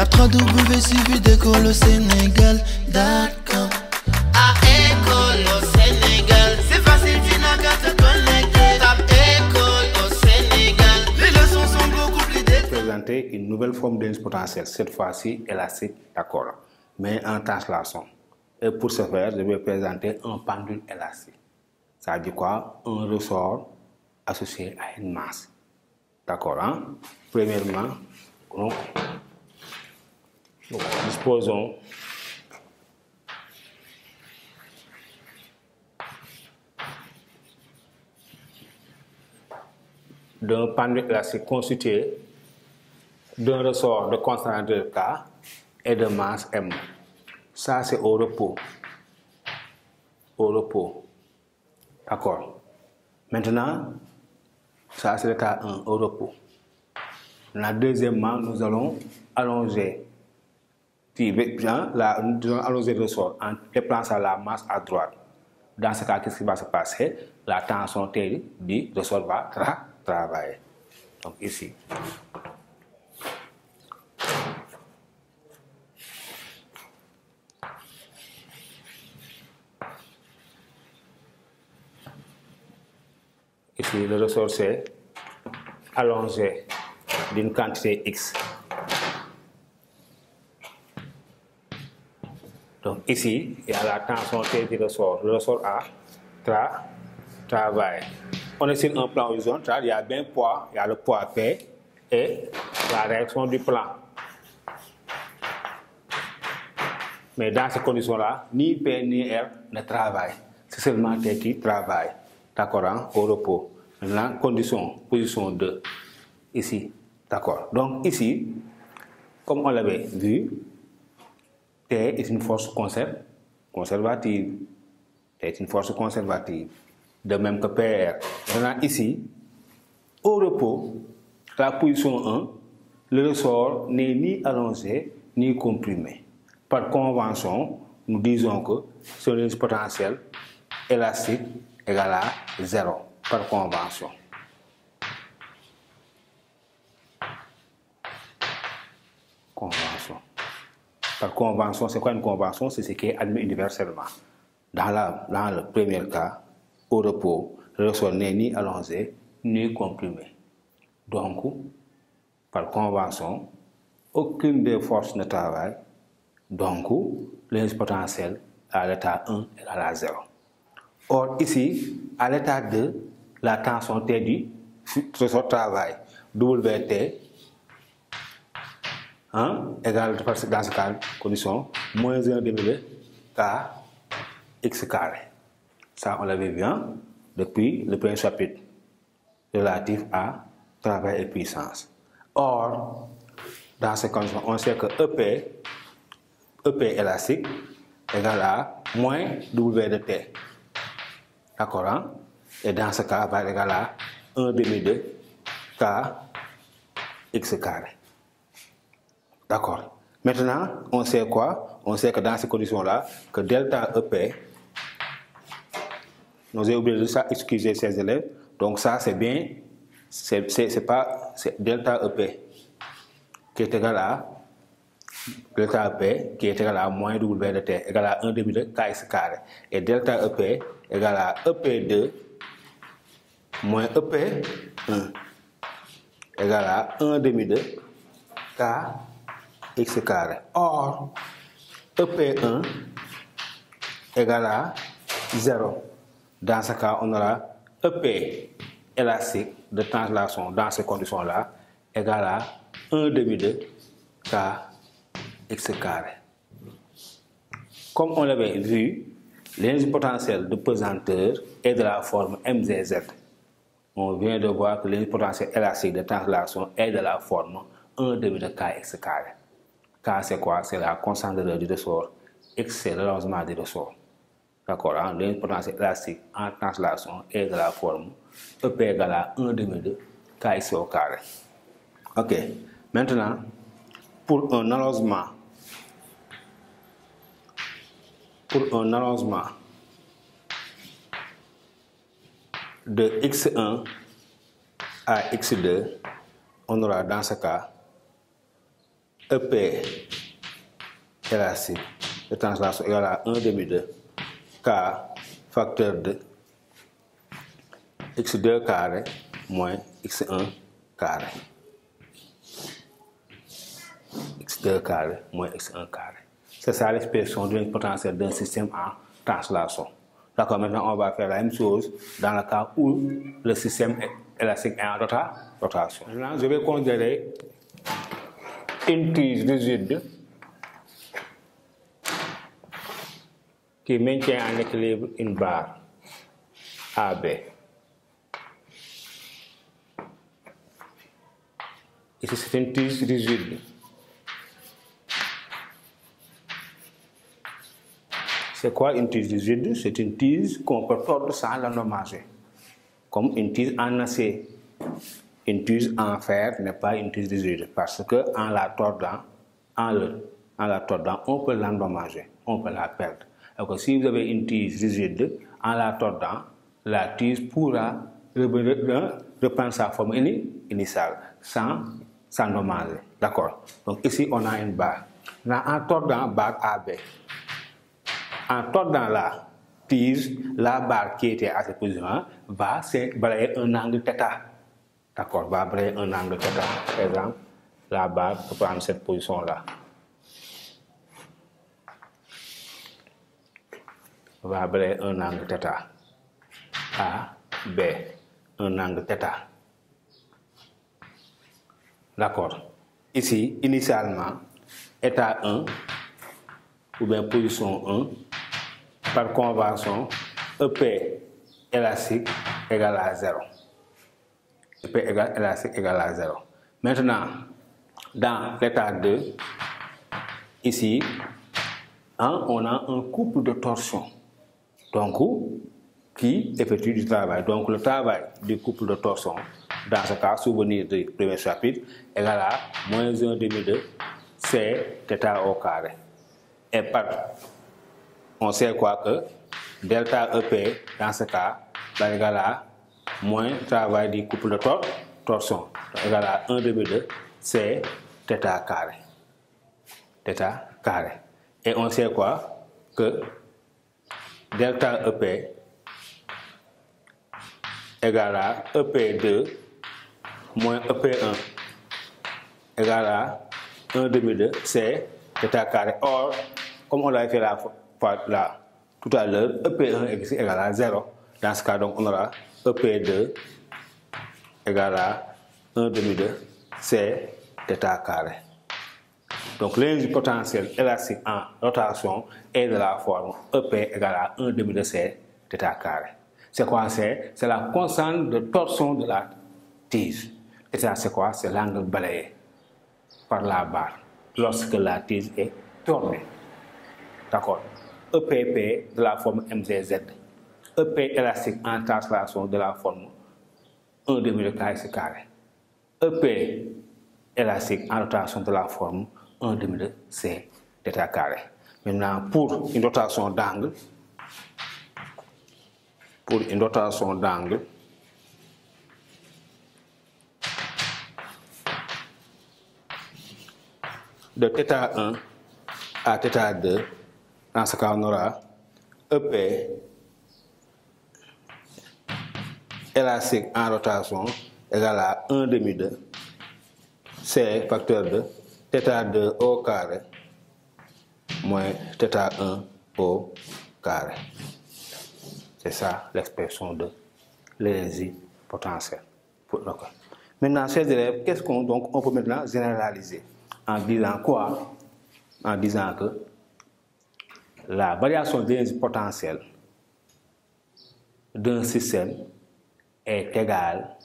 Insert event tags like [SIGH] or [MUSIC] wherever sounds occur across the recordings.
Tape 3 W suivi de au Sénégal. D'accord. À École au Sénégal. C'est facile, tu n'as qu'à te connecter. A École au Sénégal. Les leçons sont beaucoup plus détaillées. Présenter une nouvelle forme d'hélice potentielle, cette fois-ci élastique, d'accord. Mais en tâche laçon. Et pour ce faire, je vais présenter un pendule élastique. Ça veut dire quoi Un ressort associé à une masse. D'accord, hein Premièrement, on donc, disposons d'un panneau classique constitué d'un ressort de constante de K et de masse M. Ça, c'est au repos. Au repos. D'accord. Maintenant, ça, c'est le cas 1, au repos. La deuxième deuxièmement, nous allons allonger si, nous la, allonger le ressort en déplaçant la masse à droite. Dans ce cas, qu'est-ce qui va se passer La tension telle du ressort va travailler. Donc ici. Ici, le ressort s'est allongé d'une quantité X. Donc ici, il y a la tension T qui ressort. Le ressort A, tra, travail. On est sur un plan horizontal, il y a bien poids, il y a le poids P et la réaction du plan. Mais dans ces conditions-là, ni P ni R ne travaillent. C'est seulement T qui travaille. D'accord, hein, au repos. Maintenant, condition, position 2, ici. D'accord. Donc ici, comme on l'avait vu, T est une force conservative. T est une force conservative. De même que PR. On a ici, au repos, la position 1, le ressort n'est ni allongé ni comprimé. Par convention, nous disons que son potentiel potentielle élastique égale à 0 par convention. Convention. Par convention, c'est quoi une convention C'est ce qui est admis universellement. Dans, la, dans le premier cas, au repos, le n'est ni allongé, ni comprimé. Donc, par convention, aucune des forces ne travaille. Donc, l'énergie potentielle à l'état 1 est à la 0. Or, ici, à l'état 2, la tension T du travail, WT 1 hein? égale dans ce cas, condition, moins 1 dB K x carré. Ça, on l'avait vu hein, depuis le premier chapitre relatif à travail et puissance. Or, dans ces conditions, on sait que EP, EP élastique égale à moins W de T. D'accord hein? Et dans ce cas, va égale à 1 demi de K x carré. D'accord. Maintenant, on sait quoi On sait que dans ces conditions-là, que delta EP, nous avons oublié de ça, excusez ces élèves. Donc ça, c'est bien, c'est pas delta EP qui est égal à delta EP qui est égal à moins W de T égal à 1 demi de ks carré. Et delta EP égal à EP2 moins EP1 égale à 1 demi de K carré. Or, EP1 égale à 0. Dans ce cas, on aura EP élastique de translation dans ces conditions-là égale à 1 demi de K carré. Comme on l'avait vu, l'énergie potentielle de pesanteur est de la forme Mzz. On vient de voir que l'énergie potentielle élastique de translation est de la forme 1 demi de kx carré. K, c'est quoi C'est la constante de du ressort. X, c'est l'allongement du ressort. D'accord hein? L'importance élastique en translation est de la forme EP égale à 1 demi de ici au carré. Ok. Maintenant, pour un allongement, pour un allongement de X1 à X2, on aura dans ce cas EP p racine de translation égale à 1 demi de K facteur de x2 carré moins x1 carré. x2 carré moins x1 carré. C'est ça l'expression du potentiel d'un système en translation. D'accord, maintenant on va faire la même chose dans le cas où le système élastique est en rotation. Maintenant, je vais considérer une tige rigide qui maintient en équilibre une barre AB. Ici, c'est une tige rigide. C'est quoi une tige rigide C'est une tige qu'on peut tordre sans la nommager, comme une tige en acier une tige en fer n'est pas une tige rigide parce que en la tordant, en, le, en la tordant, on peut l'endommager, on peut la perdre. Donc si vous avez une tige rigide, en la tordant, la tige pourra reprendre sa forme initiale sans s'endommager. D'accord Donc ici, on a une barre. Là, en tordant barre AB, en tordant la tige, la barre qui était à cette position va balayer un angle θ. D'accord, va après un angle θ, par exemple, la barre peut prendre cette position-là. Va après un angle θ. A, B, un angle θ. D'accord. Ici, initialement, état 1, ou bien position 1, par convention, EP élastique égale à 0. P égale LAC à 0. Maintenant, dans l'état 2, ici, hein, on a un couple de torsion. Donc, qui effectue du travail. Donc, le travail du couple de torsion, dans ce cas, souvenir du premier chapitre, égale à moins 1 c'est θ au carré. Et par, on sait quoi que delta EP, dans ce cas, va égale à moins travail du couple de torsion égal à 1 2 c'est θ carré. Theta carré. Et on sait quoi Que delta EP égale à EP2 moins EP1 égale à 1 demi-2, c'est θ carré. Or, comme on l'a fait tout à l'heure, EP1 est égal à 0. Dans ce cas, donc, on aura EP2 égale à 1 demi de C carré. Donc l'énergie potentielle élastique en rotation est de la forme EP égale à 1 demi de C carré. C'est quoi c'est C'est la constante de torsion de la tige. Et ça c'est quoi C'est l'angle balayé par la barre lorsque la tige est tournée. D'accord EPP de la forme MZZ. EP élastique en translation de la forme 1 demi c'est carré. EP élastique en rotation de la forme 1 demi de carré. Maintenant, pour une rotation d'angle, pour une rotation d'angle, de θ1 à θ2, dans ce cas, on aura EP élastique en rotation égale à 1 demi de C facteur de θ2 au carré moins θ1 au carré. C'est ça l'expression de l'énergie potentielle Maintenant, chers élèves, qu'est-ce qu'on donc on peut maintenant généraliser en disant quoi En disant que la variation d'énergie potentielle d'un système est égal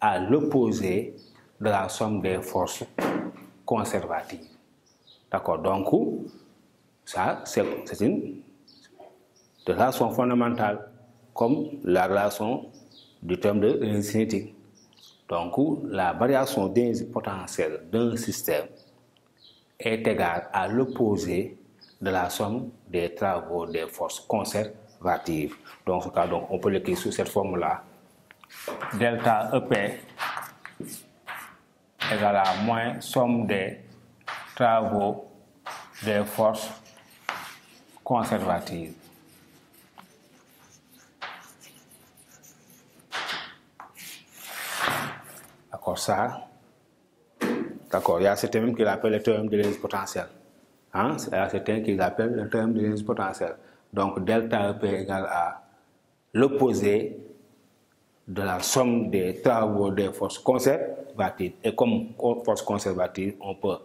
à l'opposé de la somme des forces conservatives. D'accord Donc, ça, c'est une relation fondamentale, comme la relation du terme de cinétique. Donc, la variation des d'un système est égale à l'opposé de la somme des travaux des forces conservatives. Donc, donc on peut l'écrire sous cette forme-là, delta EP égale à moins somme des travaux des forces conservatives. D'accord, ça D'accord, il y a certains même qui l'appellent le théorème de l'énergie potentielle. Hein? Il y a certains qui l'appellent le théorème de l'énergie potentielle. Donc, delta EP égale à l'opposé de la somme des travaux des forces conservatives. Et comme forces conservatives, on peut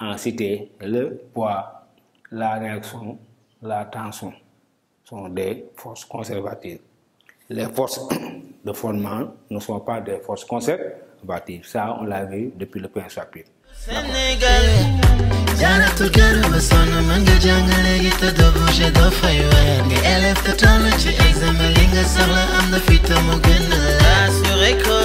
en citer le poids, la réaction, la tension sont des forces conservatives. Les forces [COUGHS] de fondement ne sont pas des forces conservatives. Ça, on l'a vu depuis le premier chapitre. Jana tukero masono manga jangale gita dobuje do faiwe Nge elef tatolo chi examelinga sola amda fita mugena Asure ko